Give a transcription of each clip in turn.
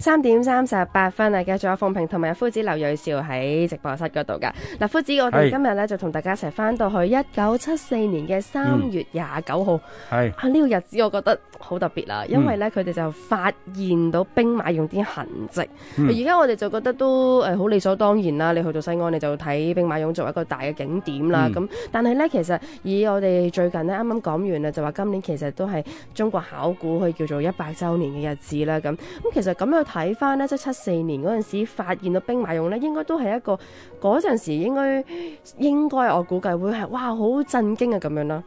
三點三十八分啊！繼續有鳳平同埋夫子劉瑞兆喺直播室嗰度噶。嗱、啊，夫子，我哋今日咧就同大家一齊翻到去一九七四年嘅三月廿九號。係、嗯。啊，呢、這個日子我覺得好特別啦，因為咧佢哋就發現到兵馬俑啲痕跡。而家、嗯、我哋就覺得都誒好理所當然啦，你去到西安你就睇兵馬俑作為一個大嘅景點啦。咁、嗯，但係咧其實以我哋最近咧啱啱講完啦，就話今年其實都係中國考古可以叫做一百周年嘅日子啦。咁，咁其實咁樣。睇翻呢，即係七四年嗰陣時發現到兵馬俑呢，應該都係一個嗰陣時應該應該我估計會係哇好震驚嘅咁樣啦。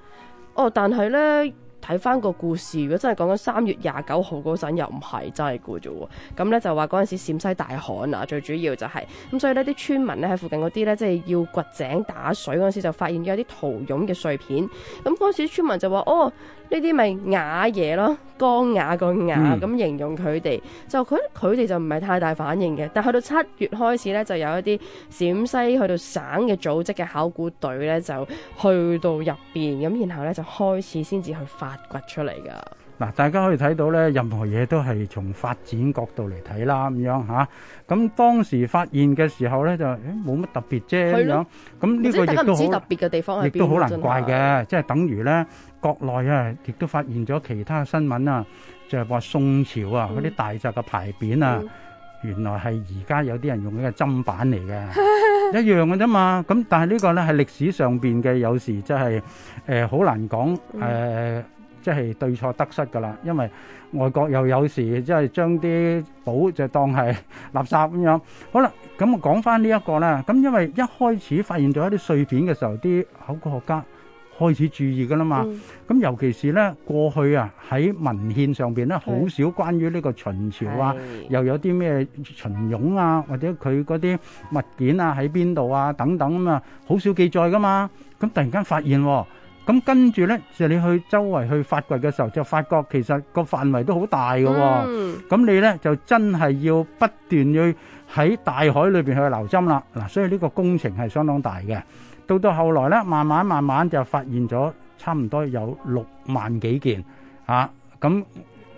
哦，但係呢，睇翻個故事，如果真係講緊三月廿九號嗰陣，又唔係真係嘅啫喎。咁呢，就話嗰陣時陝西大旱啊，最主要就係、是、咁，所以呢啲村民呢喺附近嗰啲呢，即係要掘井打水嗰陣時，就發現咗啲陶俑嘅碎片。咁嗰陣時村民就話：哦，呢啲咪瓦嘢咯。光雅個雅咁形容佢哋，嗯、就佢佢哋就唔係太大反應嘅，但去到七月開始呢，就有一啲陝西去到省嘅組織嘅考古隊呢，就去到入邊咁，然後呢，就開始先至去發掘出嚟噶。嗱，大家可以睇到咧，任何嘢都係從發展角度嚟睇啦，咁樣嚇。咁當時發現嘅時候咧，就誒冇乜特別啫，咁樣。咁呢個亦都好特別嘅地方，亦都好難怪嘅。即係等於咧，國內啊，亦都發現咗其他新聞啊，就係話宋朝啊嗰啲大宅嘅牌匾啊，原來係而家有啲人用嘅個砧板嚟嘅，一樣嘅啫嘛。咁但係呢個咧喺歷史上邊嘅，有時即係誒好難講誒。即係對錯得失噶啦，因為外國又有時即係將啲寶就當係垃圾咁樣。好啦，咁講翻呢一個咧，咁因為一開始發現咗一啲碎片嘅時候，啲考古學家開始注意噶啦嘛。咁尤其是咧，過去啊喺文獻上邊咧，好少關於呢個秦朝啊，又有啲咩秦俑啊，或者佢嗰啲物件啊喺邊度啊等等咁啊，好少記載噶嘛。咁突然間發現喎。咁跟住呢，就你去周圍去發掘嘅時候，就發覺其實個範圍都好大嘅喎。咁你呢就真係要不斷要喺大海裏邊去留針啦。嗱，所以呢個工程係相當大嘅。到到後來呢，慢慢慢慢就發現咗差唔多有六萬幾件嚇。咁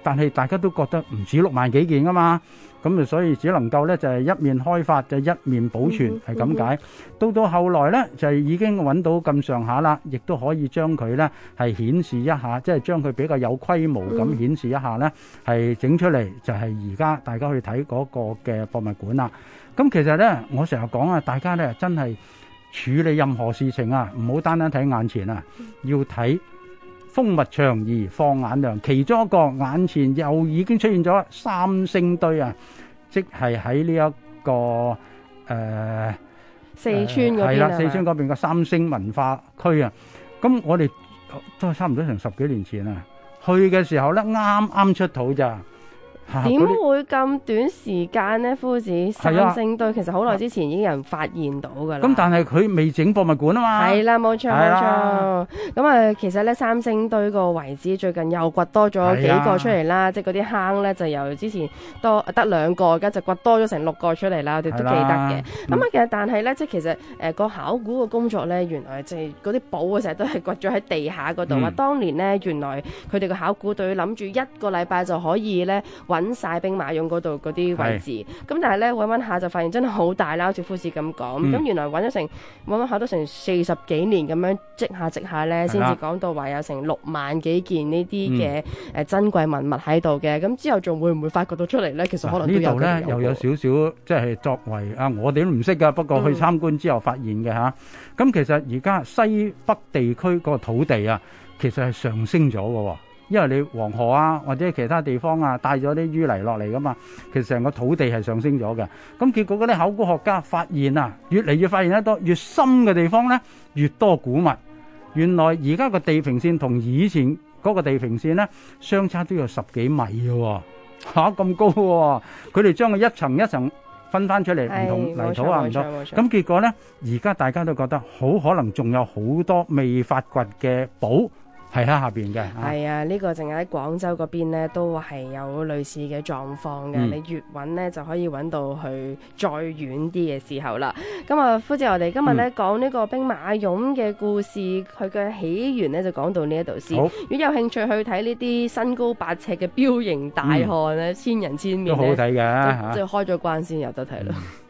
但係大家都覺得唔止六萬幾件噶嘛。咁啊，所以只能夠呢就係一面開發，就一面保存，係咁解。到到後來呢，就已經揾到咁上下啦，亦都可以將佢呢係顯示一下，即係將佢比較有規模咁顯示一下呢，係整出嚟就係而家大家去睇嗰個嘅博物館啦。咁其實呢，我成日講啊，大家呢真係處理任何事情啊，唔好單單睇眼前啊，要睇。風物長宜放眼量，其中一個眼前又已經出現咗三星堆啊！即係喺呢一個誒、呃、四川嗰邊啦。呃、的四川嗰邊個三星文化區啊！咁我哋都係差唔多成十幾年前啊，去嘅時候咧，啱啱出土咋。點會咁短時間呢？夫子，三星堆其實好耐之前已經有人發現到噶啦。咁但係佢未整博物館啊嘛。係啦，冇錯冇錯。咁啊的，其實咧，三星堆個遺址最近又掘多咗幾個出嚟啦。的即係嗰啲坑咧，就由之前多得兩個，而家就掘多咗成六個出嚟啦。我哋都記得嘅。咁啊的，呢其實但係咧，即係其實誒個考古嘅工作咧，原來就係嗰啲寶啊，成日都係掘咗喺地下嗰度啊。嗯、當年呢，原來佢哋個考古隊諗住一個禮拜就可以咧。揾晒兵馬俑嗰度嗰啲位置，咁是但係咧揾揾下就發現真係好大啦，好似夫士咁講，咁、嗯、原來揾咗成揾揾下都成四十幾年咁樣積下積下咧，先至講到話有成六萬幾件呢啲嘅誒珍貴文物喺度嘅，咁、嗯、之後仲會唔會發掘到出嚟咧？其實可能、啊、呢度咧又有少少，即、就、係、是、作為啊，我哋都唔識噶，不過去參觀之後發現嘅吓，咁、嗯啊、其實而家西北地區嗰個土地啊，其實係上升咗嘅。因為你黃河啊，或者其他地方啊，帶咗啲淤泥落嚟噶嘛，其實成個土地係上升咗嘅。咁結果嗰啲考古學家發現啊，越嚟越發現得多，越深嘅地方咧，越多古物。原來而家個地平線同以前嗰個地平線咧，相差都有十幾米嘅、啊、喎，嚇、啊、咁高喎、啊。佢哋將佢一層一層分翻出嚟，唔同泥土啊唔同。咁結果咧，而家大家都覺得好可能仲有好多未發掘嘅寶。係喺下邊嘅。係啊，呢、啊呢個淨係喺廣州嗰邊呢都係有類似嘅狀況嘅。嗯、你越揾呢就可以揾到去再遠啲嘅時候啦。咁啊，夫子，我哋今日呢講呢個兵馬俑嘅故事，佢嘅起源呢就講到呢一度先。好如果有興趣去睇呢啲身高八尺嘅彪形大漢咧，嗯、千人千面都好睇噶。即係開咗關先有得睇咯。